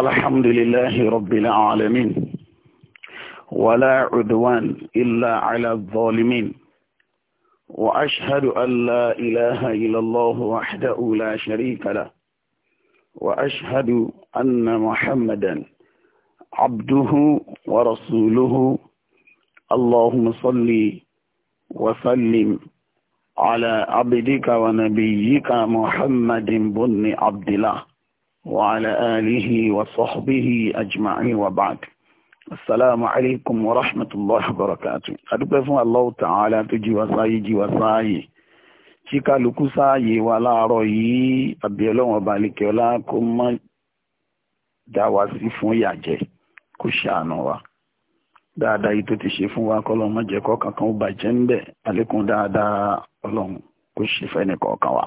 الحمد لله رب العالمين ولا عدوان إلا على الظالمين وأشهد أن لا إله إلا الله وحده لا شريك له وأشهد أن محمدا عبده ورسوله اللهم صل وسلم على عبدك ونبيك محمد بن عبد الله وعلى آله وصحبه أجمعين وبعد السلام عليكم ورحمة الله وبركاته adúpẹ́ fún Allah Ta'ala tó jí wa sáyé jí wa sáyé tí kálukú sáyé wa láàárọ̀ yìí àbí Ọlọ́run ọba àlekè ọlá kó má dá wa sí fún ìyàjẹ kó ṣàánú wa dáadáa yìí tó ti ṣe fún wa k'Ọlọ́run má jẹ́ kọ́ kankan ó bàjẹ́ ńbẹ̀ àlékún dáadáa Ọlọ́run kó ṣe fẹ́ni kọ̀ọ̀kan wa.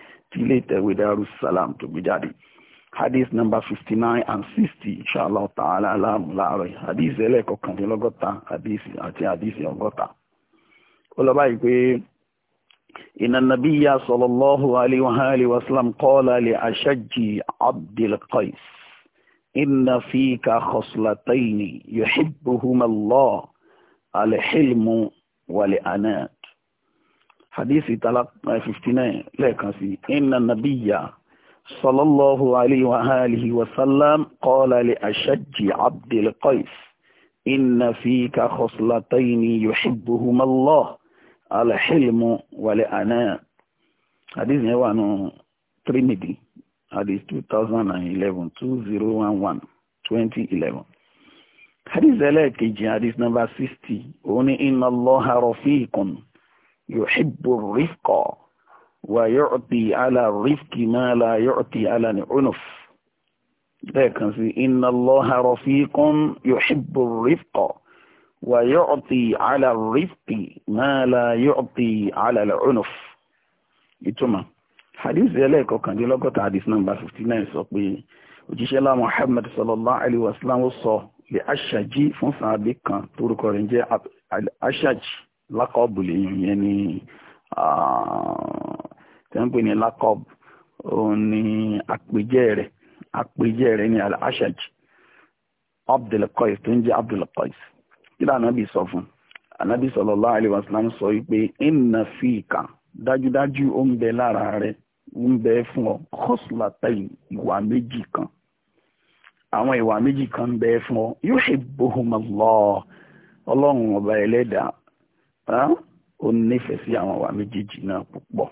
tí ilé ìtẹ̀wé Darussalam tó gbé jáde hadith number fifty nine and sixty inshallah ta'ala aláàmú láàárọ̀ yìí hadith ẹlẹ́ẹ̀kọkàndínlọ́gọ́ta hadith àti hadith ọgọ́ta ó lọ báyìí pé inna nabiyya sallallahu alayhi wa alihi wa sallam qala li ashajji abdul qais inna fika khoslataini yuhibbuhuma allah alhilmu wal anaa hadithi tala 59 eh, nine lẹ́ẹ̀kan sí inna nabiyya sallallahu alayhi wa alihi wa sallam qala li ashajji abdul qais inna fika khoslataini yuhibbuhuma allah alhilmu wal ana hadithi yẹn wà nù trinity hadith two thousand and eleven two zero hadith number sixty òun inna allaha rafiqun yuhibbu rifqa wa yu'ti ala rifqi ma la yu'ti ala al-unuf lẹ́ẹ̀kan sí inna Allaha rafiqun yuhibbu rifqa wa yu'ti ala rifqi ma la yu'ti ala al-unuf ìtumọ̀ hadith ẹlẹ́ẹ̀kọ́ kàndínlọ́gọ́ta hadith number fifty nine sọ pé òjíṣẹ́ lá Muhammad sallallahu alayhi wa sallam sọ lè aṣáájì fún sàábì kan torúkọ rẹ̀ ń jẹ́ aṣáájì lákọ̀bù lèyìn ni tí ń pè ní òun ni àpèjẹ́ rẹ̀ àpèjẹ́ rẹ̀ ní al-ashaj abdulqais tó ń jẹ́ abdulqais kí lóò sọ fún anábì sallallahu alaihi wasallam sọ wípé inna fika dájúdájú ó ń bẹ lára rẹ̀ ó ń bẹ fún ọ khoslatayn ìwà méjì kan àwọn ìwà méjì kan ń bẹ fún ọ yuhibbuhum ọlọ́run ọba ó nífẹ̀ẹ́ sí àwọn ìwà méjèèjì náà púpọ̀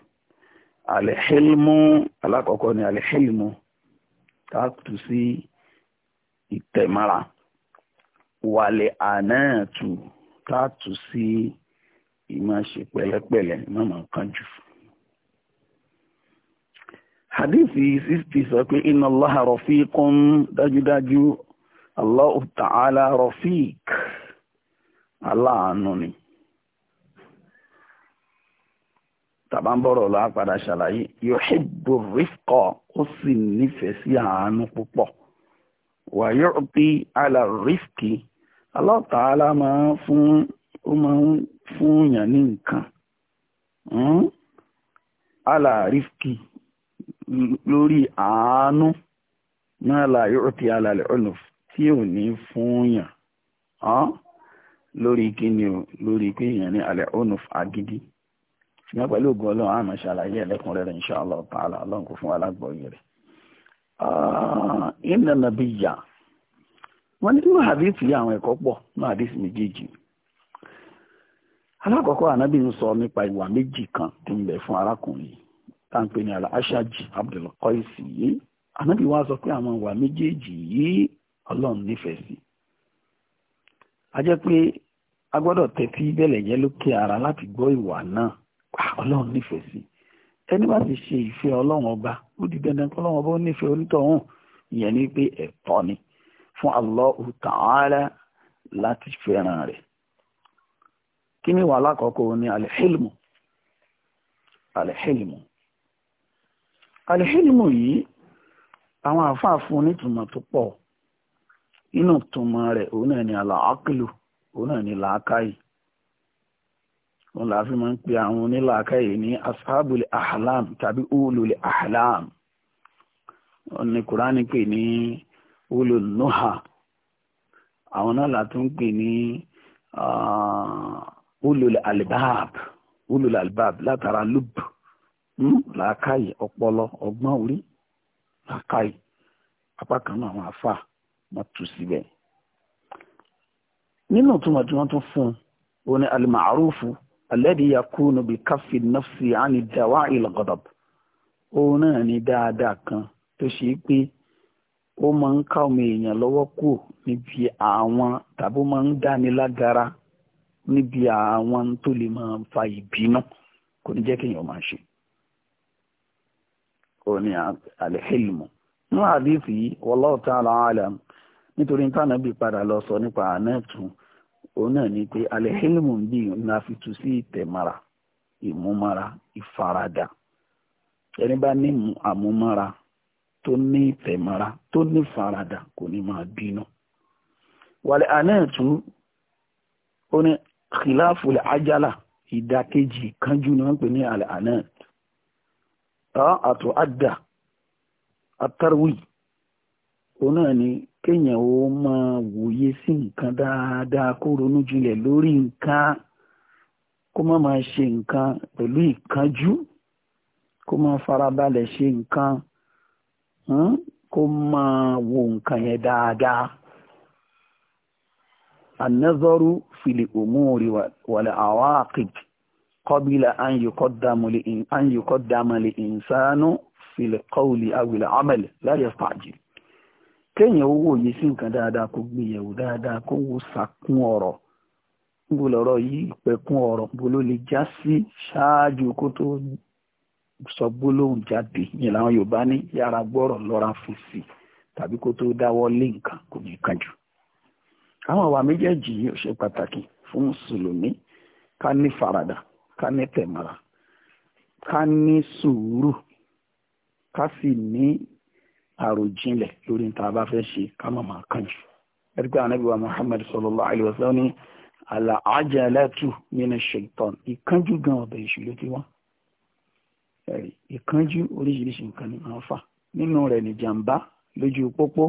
alẹ́hẹ́lmú alákọ̀ọ́kọ́ ni alẹ́hẹ́lmú ká sí ìtẹ̀mára wàlẹ̀ ànáàtù ká sí ìmáa pẹ̀lẹ́pẹ̀lẹ́ má máa kánjú. hadithi sixty sọ pé inna Allaha dájúdájú Allahu ta'ala rafiq aláàánú ni. tàbá ń bọ̀rọ̀ lọ́wọ́ padà ṣàlàyé yuhibbu rifqa ó sì nífẹ̀ẹ́ sí àánú púpọ̀ wa yu'ti ala rifqi Allah ta'ala máa ń fún ó máa ń fún yàn ní nǹkan hmm? ala rifqi lórí àánú náà la yu'ti ala al-unuf tí ò ní fún yàn lórí kí ni o lórí pé èèyàn ní ala al-unuf ṣùgbọ́n pẹ̀lú ògùn ọlọ́run àmọ́ ṣàlàyé ẹlẹ́kùnrẹ́rẹ́ inṣàlá ta'ala ọlọ́run kò fún wa lágbọ̀ọ́yé rẹ̀. Ah, inna nabiyya wọ́n ní nínú hadith yìí àwọn ẹ̀kọ́ pọ̀ nínú hadith méjèèjì. alákọ̀ọ́kọ́ ń kan tó ń bẹ fún arákùnrin ní aṣáájì Abdul yìí sọ pé àwọn ìwà méjèèjì yìí ọlọ́run nífẹ̀ẹ́ a jẹ́ pé a gbọ́dọ̀ tẹ́tí bẹ́lẹ̀ ara láti gbọ́ ìwà náà Ah, ọlọ́run nífẹ̀ẹ́ sí ẹni bá ti ṣe ìfẹ́ ọlọ́run ọba ó di dandan kí ọlọ́run ọba ó nífẹ̀ẹ́ onítọ̀hún ìyẹn ni pé ẹ̀tọ́ ni fún Allahu Ta'ala láti fẹ́ràn rẹ̀ kí ni wàhálà kọ́kọ́ ní alẹ́hìlmù alẹ́hìlmù alẹ́hìlmù yìí àwọn àfáà fún onítùmọ̀ tó pọ̀ inú tùmọ̀ rẹ̀ òun náà ni àlàákìlù òun náà ni làákàyè wọn là fi máa ń pe àwọn onílàákàyè ní ashabul ahlam tàbí ulul ahlam wọn ni kùránì pè ní ulul àwọn náà là pè ní ulul albab ulul albab látara lub hmm? làákàyè ọpọlọ ọgbọ́n orí làákàyè apá àwọn afa wọn tù síbẹ̀ nínú tí wọ́n tún fún un ó ní alimaarufu. alẹ́dí yakunu bí káfí nọ́fsì àní dàwá ìlọ́gọ́dọ̀b òun náà ni dáadáa kan tó ṣe pé ó ma ń ká èèyàn lọ́wọ́ kù níbi àwọn tàbí ma ń dáni níbi àwọn tó lè máa fa ìbínú kò ní jẹ́ kéèyàn máa ṣe òun náà ni pé alẹ́hílmù ń bí ìrìn àfitù sí ìtẹ̀mára ìmúmára ìfaradà ẹni bá ní àmúmára tó ní ìtẹ̀mára tó ní faradà kò ní máa bínú wàlẹ̀ ànáàtú ó ní kìláàfù àjálà ìdákejì kánjú náà ń pè ní alẹ́ ànáàtú àtò àdà àtàrwì òun náà ni kéèyàn ó máa wòye sí nǹkan dáadáa kó ronú jinlẹ̀ lórí nǹkan kó má máa ṣe nǹkan pẹ̀lú ìkánjú kó máa farabalẹ̀ ṣe nǹkan kó máa wo nǹkan yẹn dáadáa. النظر في الأمور والعواقب قبل أن يقدم أن يقدم الإنسان في القول أو العمل لا يستعجل kéèyàn ó wòye sí nǹkan dáadáa kó gbé yẹ̀wò dáadáa kó wo sàkún ọ̀rọ̀ níbo lọ̀rọ̀ yìí ìpẹ̀kun ọ̀rọ̀ níbo ló lè já sí ṣáájú kó tó sọ gbólóhùn jáde yẹn làwọn Yorùbá ní yára gbọ́rọ̀ lọ́ra fèsì tàbí kó tó dáwọ́ lé nǹkan kò ní kánjú. àwọn àwa méjèèjì yìí ò ṣe pàtàkì fún mùsùlùmí ká ní faradà ká ní tẹ̀mọ́ra ká ní sùúrù ká sì ní àròjinlẹ̀ lórí níta bá fẹ́ ṣe ká má máa kàn jù ẹ̀rí pé ànábì wa Muhammad sallallahu alaihi wasallam ní àlà àjẹlẹ́tù nínú ṣètọ́n ìkánjú gan ọ̀bẹ̀ èṣù ló ti wá ẹ̀rí ìkánjú oríṣiríṣi nǹkan ni máa ń fà nínú rẹ̀ ní jàǹbá lójú pópó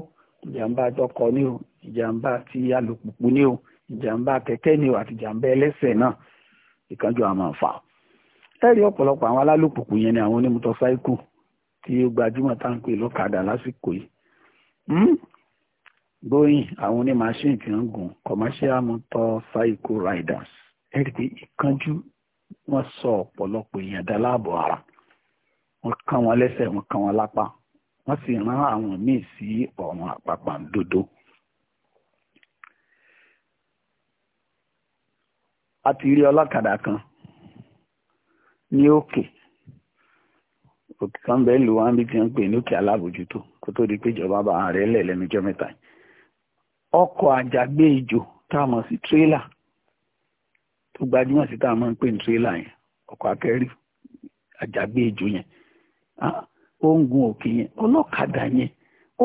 ìjàǹbá tọkọ ní o ìjàǹbá ti alùpùpù ní o ìjàǹbá kẹ̀kẹ́ ní o àti ìjàǹbá ẹlẹ́sẹ̀ náà ìkánjú àwọn máa ẹ̀rí ọ̀pọ̀lọpọ̀ àwọn alálùpùpù yẹn ni àwọn onímọ́tọ́sáíkù tí ó gbajúmọ̀ tá à ń pè lọ́kadà lásìkò yìí hmm? Boeing àwọn onímàṣíìnì tí ń gùn commercial motor cycle riders ẹ̀rí pé ìkánjú wọ́n sọ ọ̀pọ̀lọpọ̀ èèyàn dá láàbọ̀ ara wọ́n kán wọn lẹ́sẹ̀ wọ́n kán wọn lápá wọ́n sì rán àwọn míì sí ọ̀run àpàpàǹdodo. a ti rí ọlọ́kadà kan ní òkè. Okay kan bẹ́ẹ̀ lu wá ń bí ti ń pè ní òkè alábòjútó kó tó di pé ìjọba bá ààrẹ lẹ̀ lẹ́nujọ́ mẹ́ta yìí ọkọ̀ àjàgbé ìjò tá a mọ̀ sí tírélà tó gbajúmọ̀ sí tá a mọ̀ ń pè ní tírélà yẹn ọkọ̀ akẹ́rù àjàgbé ìjò yẹn ó ń gun òkè yẹn ọlọ́kadà yẹn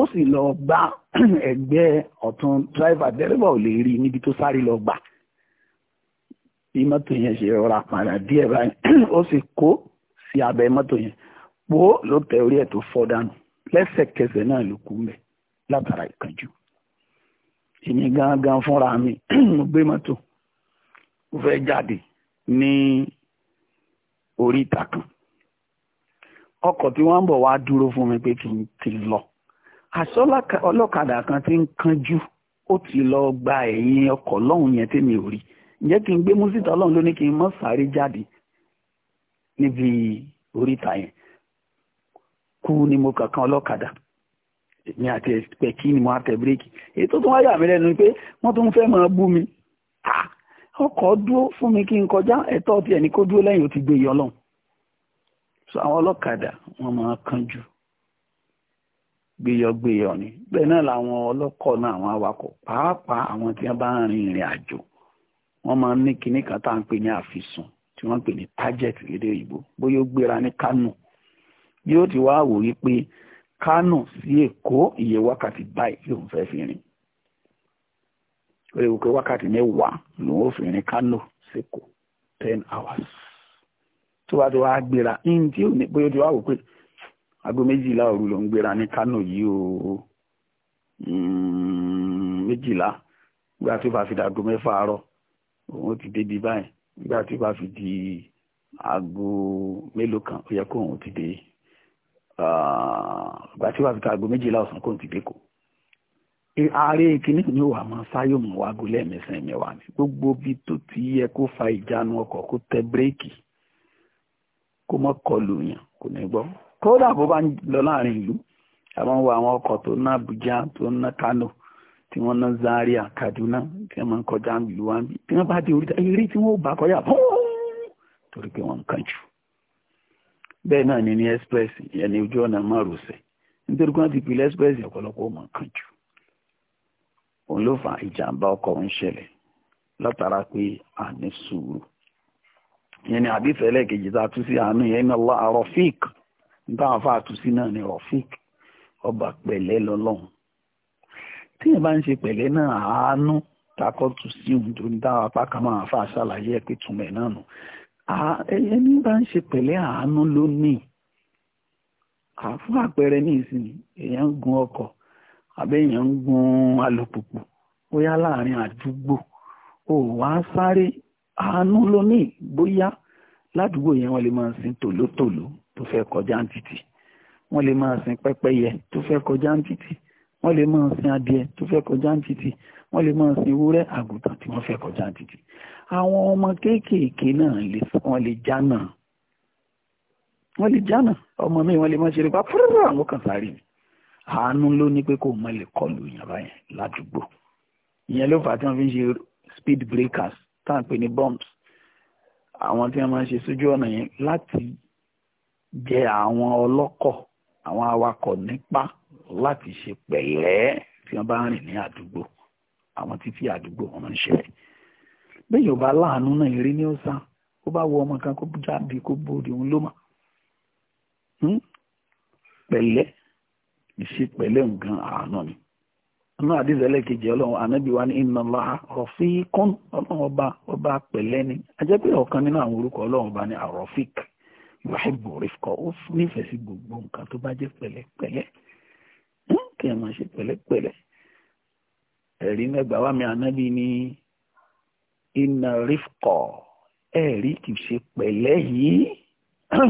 ó sì lọ gbá ẹgbẹ́ ọ̀tún dráìvà dẹ́rẹ́bà ò lè rí níbi tó sáré lọ gbà bí mọ́tò yẹn ṣe rọra pààrà díẹ̀ báyìí ó sì kó sí abẹ́ mọ́tò yẹn pò ó ló tẹ orí ẹ̀ tó fọ́ dànù lẹ́sẹ̀kẹsẹ̀ náà ló kú mẹ́ látara ìkánjú èmi gangan fúnra mi mo gbé mọ́tò mo fẹ́ jáde ní orí ìtàkùn ọkọ̀ tí wọ́n ń bọ̀ wá dúró fún mi pé kí n ti lọ àṣọ ọlọ́kadà kan ti ń kánjú ó ti lọ gba ẹ̀yìn ọkọ̀ lọ́hùn yẹn tèmi ò rí kí n gbé mú síta ló ní kí n mọ́ sáré jáde níbi oríta yẹn kú ni mo kàn kan ọlọ́kadà Emi àti ẹ̀pẹ̀ kí ni mo á bíréèkì èyí tó tún wáyà mí lẹ́nu pé wọ́n tún fẹ́ máa bú mi ọkọ̀ dúró fún mi kí n kọjá ẹ̀tọ́ ti ẹni kó dúró lẹ́yìn ó ti gbé yọ so àwọn ọlọ́kadà wọ́n máa ni bẹ́ẹ̀ náà làwọn ọlọ́kọ̀ náà àwọn awakọ̀ pàápàá àwọn tí wọ́n bá ń rin ìrìn àjò wọ́n máa ń ní kinní kan tá à ń pè ní àfisùn tí wọ́n ń pè yóò ti wá wò wípé Kánò sí Èkó iye wákàtí báyìí lòun fẹ́ fi rìn ó lè wò pé wákàtí mẹ́wàá lòun ó fi rìn Kánò sí Èkó ten hours tó bá ti wá gbéra ní tí ò ní bóyá ó ti wá wò pé aago méjìlá òru ló ń gbéra ní Kánò yìí o hmm, méjìlá gbà tí ó bá fi dàgó mẹ́fà àárọ̀ òun ti débi báyìí gbà tí ó bá fi di aago mélòó kan ó yẹ kó òun ti dé Ah, ìgbà tí wàá fi ka aago méjìlá ọ̀sán kò ti dẹ́kọ̀ ààrẹ kìíní ni ó wà máa sáyò mọ̀ wá gólẹ̀ mẹ́sàn-án mẹ́wàá ni gbogbo bí tó ti yẹ kó fa ìjánu ọkọ̀ kó tẹ bírèkì kó mọ́ kọlù yàn kò ní gbọ́ kódà bó bá ń lọ láàrin ìlú àwọn wo àwọn ọkọ̀ tó ná Àbújá tó ná Kánò tí wọ́n ná Zaria Kaduna tí wọ́n máa ń kọjá ìlú wa bí tí wọ́n bá dé orí tí wọ́n bá kọjá fún torí pé wọ́n ń kánjú bẹ́ẹ̀ náà ni ní express ìyẹn ní ojú ọ̀nà nítorí pé wọ́n ti pilẹ̀ express ọ̀pọ̀lọpọ̀ ò jù òun ìjàmbá ọkọ̀ ń ṣẹlẹ̀ pé a ní sùúrù ni tá a sí àánú yẹn ní ọlá rọfíìk nítawọn fa àtúnṣí náà ní ọba pẹ̀lẹ́ lọ́lọ́run ń ṣe pẹ̀lẹ́ náà ẹni bá ń ṣe pẹ̀lẹ́ àánú ló ní fún àpẹẹrẹ ní ìsìn èèyàn ń gun ọkọ̀ àbẹ́yàn ń gun alùpùpù bóyá láàrin àdúgbò ò wá sáré àánú ló ní bóyá ládùúgbò yẹn wọ́n lè máa sin tòlótòló tó fẹ́ kọjá ń títì wọ́n lè máa sin pẹ́pẹ́yẹ tó fẹ́ kọjá ń títì wọ́n lè máa sin adìẹ tó fẹ́ kọjá títì wọ́n lè máa sin ewúrẹ́ àgùntàn tí wọ́n fẹ́ kọjá títì àwọn ọmọ kéékèèké náà wọ́n lè jánà wọ́n lè jánà ọmọ mi wọ́n lè má ṣeré pa fúrúrú àwọn kan sáré mi àánú ló ní pé kò mọ lè kọlu ìyàrá yẹn ládùúgbò ìyẹn ló fà á tí wọ́n fi ń ṣe speed breakers tá à ní bumps àwọn tí wọ́n máa ń ṣe sójú ọ̀nà yẹn láti jẹ àwọn ọlọ́kọ̀ àwọn awakọ̀ nípa láti ṣe pẹ̀lẹ́ tí wọ́n bá rìn ní àdúgbò àwọn títí àdúgbò wọn ń ṣẹlẹ̀ bẹ́ẹ̀ yóò bá láàánú náà eré ní ọ̀sà ó bá wọ ọmọ kan kó jáde kó bòde òun ló mà pẹ̀lẹ́ ìṣe pẹ̀lẹ́ nǹkan àánú ni inú àdìsẹ́lẹ̀ kejì ọlọ́run ànábì wa ní innallaha rafiqun ọlọ́run ọba ọba pẹ̀lẹ́ ni ajẹ́ pé ọ̀kan nínú àwọn orúkọ ọlọ́run ọba ní arọ́fík yuhibbu rifqa ó nífẹ̀ẹ́ sí gbogbo nǹkan tó bá jẹ́ pẹ̀lẹ́pẹ̀lẹ́ kí ṣe pẹ̀lẹ́pẹ̀lẹ́ ẹ̀rí mẹ́gbàá mi ànábì ní iná rifkọ ẹ̀rí kì í ṣe pẹ̀lẹ́ yìí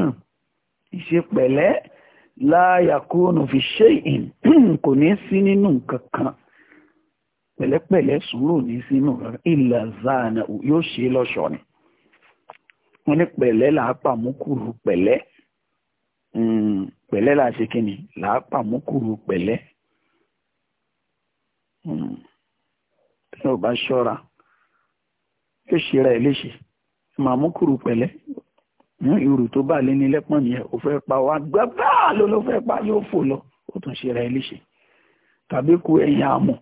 ìṣe pẹ̀lẹ́ láyàkóònù fi ṣe ìn kò ní sí nínú nǹkan kan pẹ̀lẹ́pẹ̀lẹ́ sùúrù ní sínú ilà zana yóò ṣe lọ́ṣọ̀ọ́ ni wọ́n ní pẹ̀lẹ́ là á pàmùkùrù pẹ̀lẹ́ hmm, pẹ̀lẹ́ là á ṣe kíni là á pàmùkùrù pẹ̀lẹ́ hmm. tí o bá ṣọ́ra yóò ṣe ra ẹ̀ léṣe màmú kùrù pẹ̀lẹ́ ìrù hmm, tó bá lé ní lẹ́pọ̀n yẹn ò fẹ́ pa wá gbàgbà ló ló fẹ́ pa yóò fò lọ ó tún ṣe ra ẹ̀ léṣe tàbí ku ẹ̀yìn àmọ̀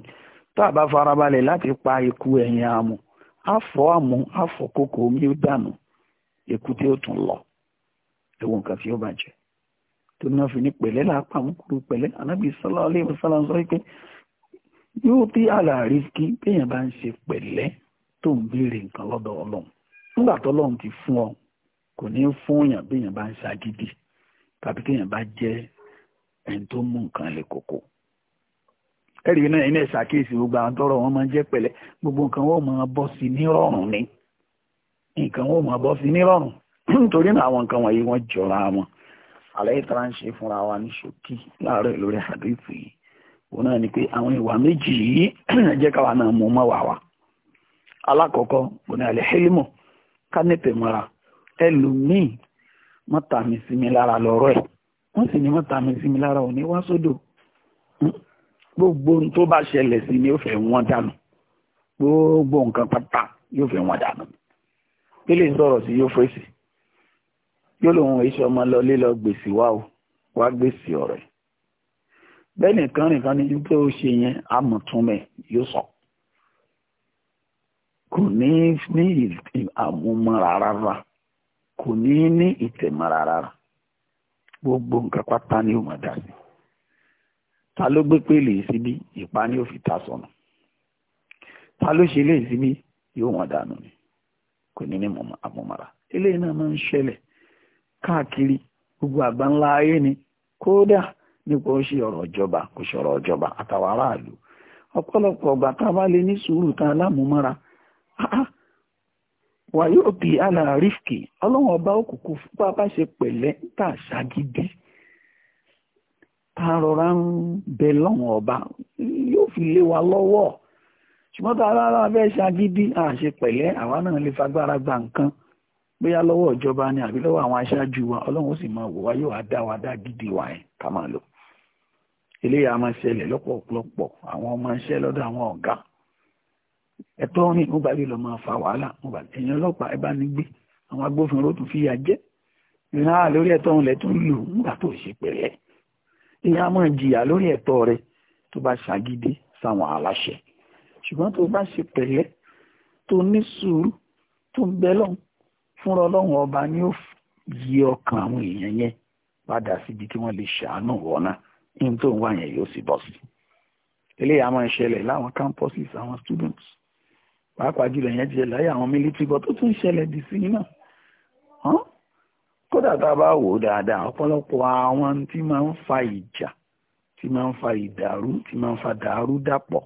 tá a bá farabalẹ̀ láti pa ikú ẹ̀yìn àmọ̀ àfọ̀ àmọ̀ àfọ̀ kókó omi ó dànù ikú tí ó tún lọ ẹ̀wọ̀n kan tí ó bàjẹ́ tó náà fi ní pẹ̀lẹ́ làápá mú kúrú pẹ̀lẹ́ anábì sallallahu alaihi wasallam sọ pé yóò tí àlàárí kí téèyàn bá ń ṣe pẹ̀lẹ́ tó ń béèrè nǹkan lọ́dọ̀ ọlọ́run nígbà tọ́lọ́run ti fún ọ kò ní fún èèyàn bí èèyàn bá ń ṣagídí tàbí téèyàn bá jẹ́ ẹni tó mú nǹkan lè kókó ẹ̀rí náà iná ìṣàkíyèsí gbogbo àwọn tọrọ wọn máa ń jẹ́ pẹ̀lẹ́ gbogbo nǹkan wọn máa bọ́ sí ni nǹkan wọn máa bọ́ sí nítorí náà àwọn nǹkan wọ̀nyí wọ́n jọra wọn àlẹ́ ìtara ń ṣe fúnra wa ní ṣókí láàárọ̀ na àdéhùn yìí òun náà ni pé àwọn alákọ̀ọ́kọ́ kò ní àlẹ́hílímọ̀ ká nítẹ̀ mọ́ra ẹlòmíì mọ́tàmí sí mi lára lọ́rọ̀ ẹ̀ wọ́n sì ní mọ́tàmí sí mi lára òní wá sódò gbogbo ohun tó bá ṣẹlẹ̀ sí ni ó fẹ́ wọ́n dànù gbogbo nǹkan pátá yóò fẹ́ wọ́n dànù pélé sọ̀rọ̀ sí yóò fèsì yóò lòun èso ọmọ lọ lílọ gbèsè wá o wá gbèsè ọ̀rẹ́ bẹ́ẹ̀ nìkan nìkan ni pé ó ṣe yẹn àmọ̀túnmẹ̀ yóò sọ̀kọ̀ kò ní ní àmúmọ́ rárá kò ní ní gbogbo nǹkan pátá ni ó mọ̀ dá sí ta ló gbé síbí ìpá ni ó fi ta sọnù ta ló ṣe lé síbí yóò wọn dànù ni kò ní ní àmúmọ́ra eléyìí náà máa ń ṣẹlẹ̀ ni kódà nípa ó ṣe ọ̀rọ̀ ìjọba kò ṣe ọ̀rọ̀ ìjọba àtàwọn aráàlú ọgbà tá a bá Ah, ah. wà yóò bí aláàrífìkì ọlọ́run ọba òkùnkù fúnpá bá ṣe pẹ̀lẹ́ tá a ṣàgídí tá a rọra ń bẹ lọ́run ọba yóò fi lé wa lọ́wọ́ ṣùgbọ́n tá a rárá ṣàgídí a ṣe pẹ̀lẹ́ àwa náà lè fagbára gba nǹkan bóyá lọ́wọ́ ìjọba ni àbí lọ́wọ́ àwọn aṣáájú wa ọlọ́run ó sì máa wò wá yóò wá dá wa dá gidi wa ẹ̀ ká máa lò eléyà máa ṣẹlẹ̀ lọ́pọ̀lọpọ̀ àwọn ọmọ iṣẹ́ lọ́dọ̀ àwọn ọ̀gá ẹ̀tọ́ rìn ó bá rí lọ máa fa wàhálà ẹ̀yìn ọlọ́pàá ẹ bá ní gbé àwọn agbófinró tún fìyà jẹ ìran lórí ẹ̀tọ́ òun lẹ tún lù nígbà tó ṣe pẹ̀lẹ́ ìyá máa jìyà lórí ẹ̀tọ́ rẹ tó bá ṣàgídé sáwọn aláṣẹ ṣùgbọ́n tó bá ṣe pẹ̀lẹ́ tó ní sùúrù tó ń bẹ lọ́hùn fúnra ọlọ́run ọba ni ó yí ọkàn àwọn èèyàn yẹn padà síbi tí wọ́n lè ṣàánú wọ́nà ní tó ń wá yẹn yóò sì bọ̀ sí eléyàá máa ń ṣẹlẹ̀ láwọn campuses àwọn students pàápàá jùlọ yẹn ti ṣẹlẹ̀ láyé àwọn military but ó tún ṣẹlẹ̀ dì sí náà kódà tá a bá wò ó dáadáa ọ̀pọ̀lọpọ̀ àwọn tí máa ń fa ìjà tí máa ń fa ìdàrú tí máa ń fa dàrú dàpọ̀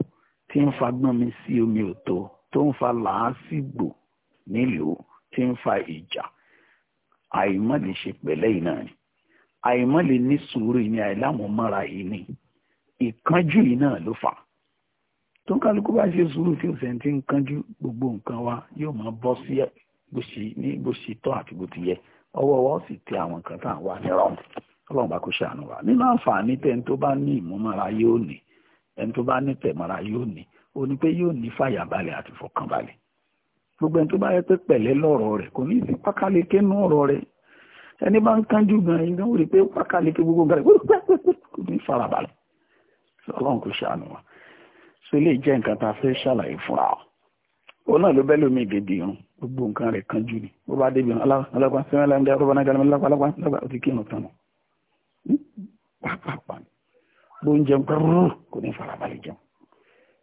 tí ń fa gbọ́nmi sí omi òtó tó ń fa làásìgbò nílùú tí ń fa ìjà àìmọ́ ṣe pẹ̀lẹ́ yìí náà ni àìmọ́ lè ní sùúrù ni àìláwọn mọ́ra yìí ni ìkánjú yìí náà ló fà á tó ń kálukú bá ṣe sùúrù tí òsèǹ tí ń kánjú gbogbo nǹkan wa yóò máa bọ́ sí bó ṣe ní bó ṣe tọ́ àti bó ti yẹ ọwọ́ wa ó sì tẹ àwọn nǹkan tá à ń wá ní rọrùn ọlọ́run bá kó ṣàánú wa nínú àǹfààní tẹ ẹni tó bá ní ìmúmọ́ra yóò ní ẹni tó bá ní tẹ̀mọ́ra yóò ní ó ní pé yóò ní fàyàbalẹ̀ àti fọkànbalẹ̀ gbogbo ẹni tó bá yẹ pé pẹ̀lẹ́ lọ́rọ̀ rẹ̀ kò ní sí pákáleke nú ọ̀rọ̀ rẹ̀ ẹni bá ń kánjú gan ẹni náà ó rí pé pákáleke gbogbo gan rẹ̀ kò ní farabalẹ̀ ọlọ́run kó ṣàánú wa so lè jẹ́ nǹkan tá a fẹ́ ṣàlàyé fúnra ọ òun náà ló bẹ́ lómi ìdèdè irun gbogbo nǹkan rẹ̀ kan jù ní bó bá débi irun alápá sẹ́wọ́n aláǹdẹ́ ọlọ́pàá náà gánà lápá lápá lápá ó ti kírun tán nù pàápàá ni bó ń jẹun pẹ́rú kò ní farabalẹ̀ jẹun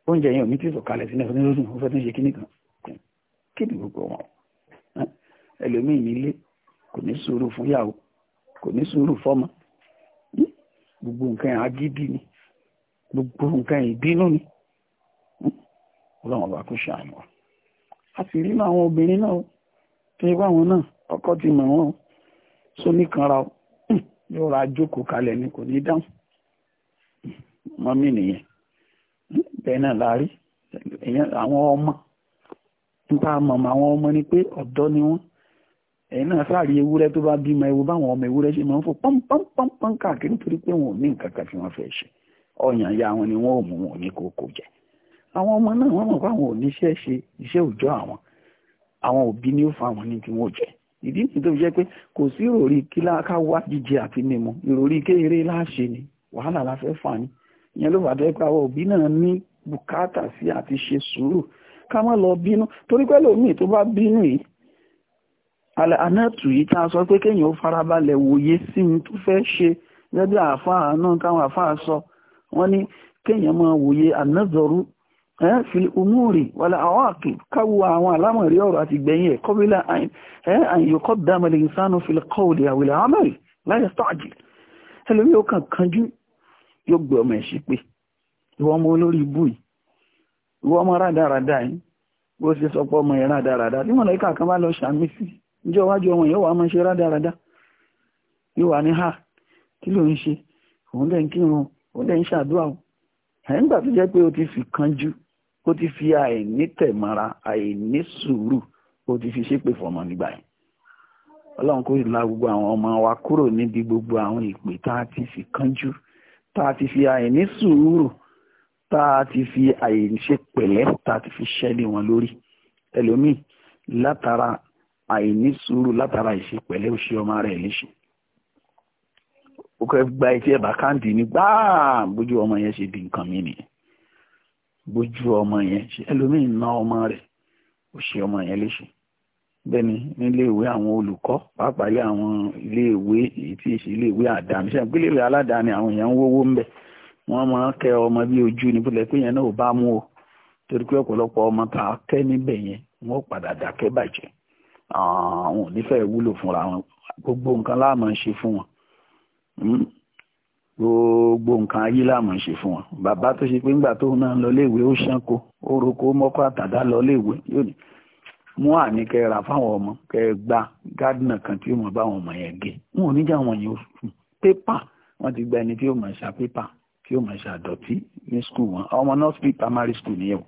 oúnjẹ yẹn ò ní tí sọ̀kalẹ̀ sílẹ̀ fún lóṣù ó fẹ́ tó ń ṣe kíní kan kí ni gbogbo wọn ẹlòmíì nílé kò ní sùúrù fún kò ní sùúrù fọ́mọ gbogbo nǹkan agídí ni gbogbo nǹkan ìbínú ni ọlọ́run ọba kò ṣàánú wa a sì rí àwọn obìnrin náà tó yẹ báwọn náà ọkọ ti mọ̀ wọ́n só níkanra yóò ra jókòó kalẹ̀ ni kò ní dáhùn mọ́mí nìyẹn bẹ́ẹ̀ náà la rí àwọn ọmọ nípa mọ̀mọ́ àwọn ọmọ ni pé ọ̀dọ́ ni wọ́n ẹ̀yìn náà sáàrí ewúrẹ́ tó bá bímọ ewu báwọn ọmọ ewúrẹ́ ṣe máa ń fò pọ́npọ́npọ́n káàkiri torí pé wọn ò ní nǹkan kan tí wọ́n fẹ́ ṣe ọyàn ya wọn ni wọn ò mú wọn ní kókó jẹ àwọn ọmọ náà wọ́n mọ̀ pé àwọn ò níṣẹ́ ṣe iṣẹ́ òòjọ́ àwọn àwọn òbí ni ó fa àwọn ní tí wọ́n jẹ ìdí nìyí tó fi jẹ́ pé kò sí ìròrí kí láká wá jíjẹ àti mímu ìròrí kéere láṣẹ ni wàhálà la fẹ́ fà ní ìyẹn ló fàdé pé àwọn òbí náà ní bùkátà sí àti ṣe sùúrù ká má lọ bínú torí pé lómi tó bá bínú yìí anátù yìí tá a sọ pé kéèyàn ó farabalẹ̀ wòye sí ohun tó fẹ́ ṣe gẹ́gẹ́ bí náà táwọn àáfàá sọ wọ́n ní kéèyàn máa wòye ànádọ́rú ẹ́ fi umúrì wàlá àwọ́kì káwọ àwọn alámọ̀rí ọ̀rọ̀ àti gbẹ̀yìn ẹ̀ kọ́bílá àyíkọ́ dámẹ́lẹ̀ ìsánú fi kọ́ọ̀lì àwìlẹ̀ àmẹ́rì láyé stọ́ọ̀jì ẹlòmí ó kàn kanjú yóò gbé ọmọ ẹ̀ṣí pé ìwọ ọmọ olórí ibú yìí ìwọ ọmọ rádaràdà yìí bó ṣe sọ pé ọmọ yẹn rádaràdà tí wọn lọ ikà kan bá lọ ṣàmì sí níjọ́ iwájú ọmọ yẹn wà á máa ẹ̀ ń gbà tó jẹ́ pé o ti fi kanjú ó ti fi àìní tẹ̀mọ́ra àìní sùúrù ó ti fi ṣépè fọmọ nígbà yẹn ọlọ́run kó la gbogbo àwọn ọmọ wa kúrò níbi gbogbo àwọn ìpè tá a ti fi kánjú tá a ti fi àìní sùúrù tá a ti fi àìṣe pẹ̀lẹ́ tá a ti fi ṣẹ́lẹ̀ wọn lórí ẹlòmíì látara àìní sùúrù látara ìṣe pẹ̀lẹ́ ọmọ rẹ̀ léṣe ó kẹ́ gba etí ẹ̀bà káǹdì ní gbáà bójú ọmọ yẹn ṣe di nǹkan mi nìyẹn bójú ọmọ yẹn ṣe ẹlòmíín ná ọmọ rẹ̀ ó ṣe ọmọ yẹn léṣe bẹ́ẹ̀ni nílé ìwé àwọn olùkọ́ pàápàá ilé àwọn ilé ìwé èyí tí ìṣe ilé ìwé àdáni ṣe àgbélé ìwé aládàáni àwọn èèyàn ń wówó ń bẹ wọ́n máa kẹ́ ọmọ bí ojú ni bílẹ̀ pé yẹn náà ò bá mú o torí pé ọ̀pọ̀lọpọ̀ ọmọ tá kẹ́ níbẹ̀ yẹn wọ́n padà dákẹ́ bàjẹ́ àwọn ò nífẹ̀ẹ́ wúlò fúnra wọn gbogbo nǹkan láàmú ṣe fún wọn hmm gbogbo nǹkan ayé làmọ̀ ń ṣe fún wọn bàbá tó ṣe pé ńgbà tóun náà lọ léèwé ó ṣánko ó roko mọ́kọ́ àtàdá lọ léèwé yóò ní mú àní kẹ ra fáwọn ọmọ kẹ gba gádínà kan tí ó mọ̀ báwọn ọmọ yẹn gé wọn ò ní já wọn yẹn ó fún pépà wọn ti gba ẹni tí ó mọ̀ ṣá pépà tí ó mọ̀ ṣá dọ̀tí ní skul wọn àwọn ọmọ nursery primary school nìyẹn o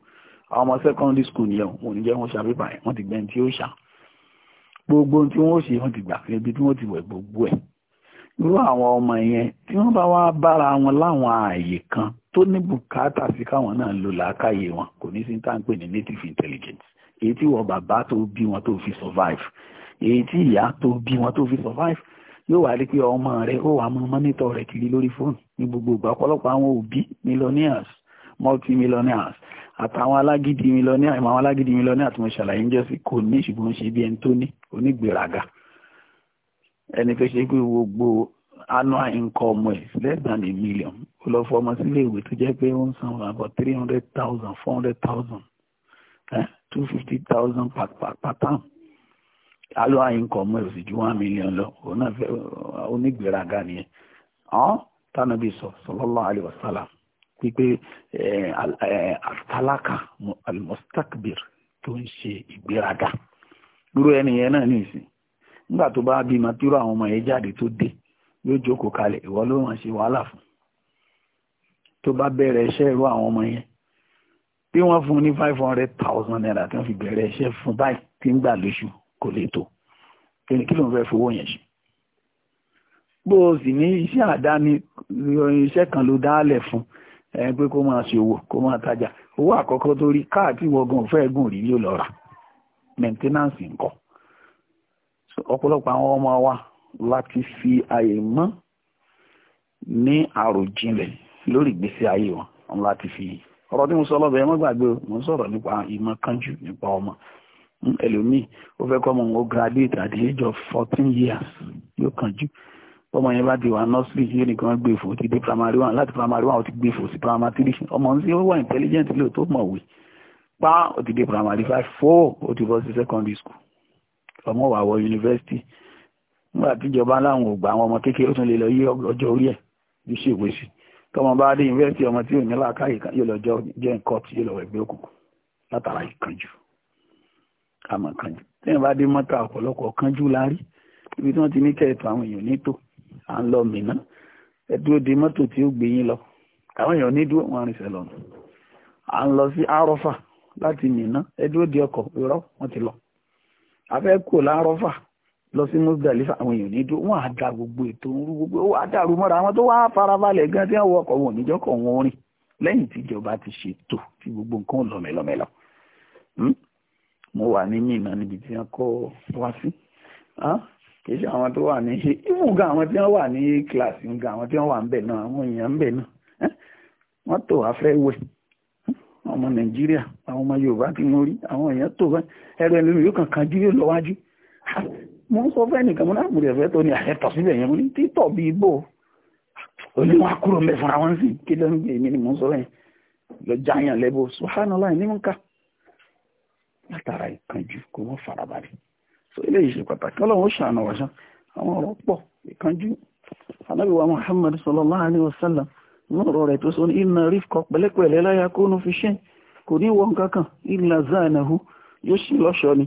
àwọn ọmọ secondary school nìyẹn o wọn ò ní jẹ́ wọn ṣá pépà yẹn wọn ti gba ẹni tí ó ṣá gbogbo ohun tí wọn ó ṣe wọn ti gbà níbi tí wọn ti wẹ̀ gbogbo ẹ̀ irú àwọn ọmọ yẹn tí wọ́n bá wá bára wọn láwọn ààyè kan tó ní bùkátà sí káwọn náà lò làákàyè wọn kò ní sí tá à ní native intelligence èyí tí wọ́n bàbá tó bí wọn tó fi survive èyí tí ìyá tó bí wọn tó fi survive yóò wá rí pé ọmọ rẹ ó wà mọ mọ́nítọ̀ rẹ kiri lórí fóònù ní gbogbo ìgbà ọ̀pọ̀lọpọ̀ àwọn òbí millionaires multimillionaires àtàwọn alágídí millionaires àwọn alágídí millionaires tí mo ṣàlàyé ń jẹ́ sí kò ní ṣùgbọ́n ṣe bí ẹni tó ní onígbèrágà ẹni tó ṣe pé gbogbo annual income ẹ̀ less than a million ó lọ fọmọ sílé ìwé tó jẹ́ pé ó ń san about three hundred thousand four hundred thousand two fifty thousand per per per term annual income ẹ̀ ò sì ju one million lọ òun náà fẹ́ onígbèéraga nìyẹn tánàbí sọ sallallahu alaihi wasallam pípé àtàlákà almustakbir tó ń ṣe ìgbéraga lúrú ẹnìyẹn náà ní ìsìn nígbà tó bá bímọ tí irú àwọn ọmọ yẹn jáde tó dé yóò jókòó kalẹ̀ ìwọ ló ràn ṣe wàhálà fún tó bá bẹ̀rẹ̀ iṣẹ́ irú àwọn ọmọ yẹn bí wọ́n fún ní five hundred thousand naira tí wọ́n fi bẹ̀rẹ̀ iṣẹ́ fún báyìí tí ń gbà lóṣù kò lè tó kí ló ń fẹ́ fowó yẹn ṣe bó o sì ní iṣẹ́ àdáni iṣẹ́ kan ló dálẹ̀ fún ẹ pé kó máa ṣe owó kó máa tajà owó àkọ́kọ́ tó rí káàtì wọgàn òfẹ́ gùn rí ló lọ rà mẹ́ńtẹ́nánsì nǹkan ọ̀pọ̀lọpọ̀ àwọn ọmọ wa láti fi àyè mọ́ ní àròjinlẹ̀ lórí ìgbésí ayé wọn láti fi ọ̀rọ̀ tí mo sọ lọ́bẹ̀ ẹ má gbàgbé mo ń sọ̀rọ̀ nípa ìmọ̀ kánjú nípa ọmọ hmm, ẹlòmíì ó fẹ́ kọ́ ọmọ òun ó graduate at the age of fourteen years yóò kánjú ọmọ yẹn bá di wà nọ́ọ̀sì yìí nìkan gbé fò ti dé primary one láti primary one ó ti gbé fò sí primary three ọmọ ń sí ó wà intelligent lóòótọ́ mọ̀wé pa ó ti dé primary five four ó ti bọ́ sí secondary school ọmọ wà wọ yunifásitì nígbà tíjọba láwọn ò gbà àwọn ọmọ kékeré ó tún lè lọ yí ọjọ́ orí ẹ̀ ju ṣèwé sí tọmọ bá dé yunifásitì ọmọ tí ò ní làákàyè kan yóò lọ jẹ́ nǹkan tí yóò lọ ẹgbẹ́ òkùnkùn látara ìkànjú àmọ́ kànjú tẹ́yìn bá dé mọ́tà ọ̀pọ̀lọpọ̀ kánjú lárí ibi tí wọ́n ti ní kẹ́ẹ̀tù àwọn èèyàn nítò à ń lọ mìíràn ẹ dúró de tí ó gbé yín lọ àwọn èèyàn ní wọn rìnṣẹ́ lọ́nà à ń lọ sí arọ́fà láti mìíràn ẹ dúró de ọkọ̀ irọ́ ti lọ afẹ́ kò láàárọ̀fà lọ sí musdalifa àwọn èèyàn ní dúró wọn á da gbogbo ètò ń rú gbogbo ó wá dàrú mọ́ra àwọn tó wá farabalẹ̀ gan tí wọ́n wọkọ̀ wọn òníjọ́ kọ̀ wọn rìn lẹ́yìn tíjọba ti ṣètò tí gbogbo nǹkan lọ́mẹ́lọ́mẹ́lọ́ hmm? mo wà ní Mínà níbi tí wọ́n kọ́ wá sí kì í ṣe àwọn tó wà ní ìmú ga àwọn tí wọ́n wà ní kíláàsì ga àwọn tí wọ́n wà ń bẹ̀ náà àwọn èèyàn ń bẹ̀ náà wọ́n tó wá fẹ́ wẹ̀ ọmọ nàìjíríà àwọn ọmọ yorùbá tí mo rí àwọn èèyàn tó bá ẹrù ẹni yóò kàn kan jí yóò lọ wájú mo ń sọ ah, fẹ́ nìkan mo náà múlẹ̀ fẹ́ tó ní àṣẹ tọ̀ síbẹ̀ yẹn mo ní títọ̀ bí ibò oníwà kúrò mẹ́ fúnra wọn sì kí ló ń gbé èmi ni mo ń sọ yẹn lọ jáyàn lẹ́bọ̀ subhanallah ní nǹka látara ìkànjú kò wọ́n farabalẹ̀ so eléyìí ṣe pàtàkì ọlọ́run ó ṣàánú muhammad sallallahu alayhi wa sallam ní ọ̀rọ̀ rẹ̀ tó sọ ní iná rí kọ pẹ̀lẹ́pẹ̀lẹ́ láyà kónú fi ṣẹ́ kò ní wọ́n kankan ilà zanahu yóò sì lọ́ṣọ́ ni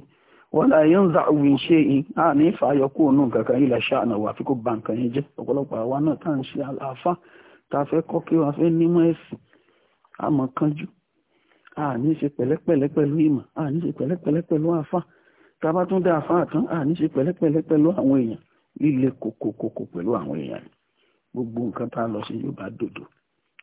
wọ́n là yóò ń za òwìn ṣe yìí a ní fàáyọ kó nù kankan ilà ṣàánàwó àfi kó ba nǹkan yẹn jẹ́ ọ̀pọ̀lọpọ̀ àwa náà tá à ń ṣe àlàáfà tá a fẹ́ kọ́ kí wọ́n fẹ́ nímọ̀ ẹ̀sìn àmọ́ kánjú a ní gbogbo nǹkan tá a lọ sí yóò bá dòdò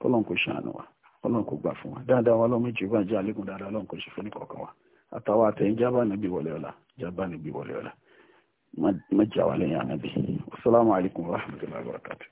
kọ́lọ́n kò ṣàánú wa kọ́lọ́n kò gbà fún wa dáadáa wa ọlọ́mọ ìjì jẹ́ àlékún dáadáa ọlọ́run kò ṣe fún nìkọ̀ọ̀kan wa àtàwọn àtẹ̀yìn jábà níbi wọlé ọ̀la jábà níbi wọlé ọ̀la má jà wà lẹ́yìn ànábì wasalaamu alaykum wa rahmatulahi wa barakatu.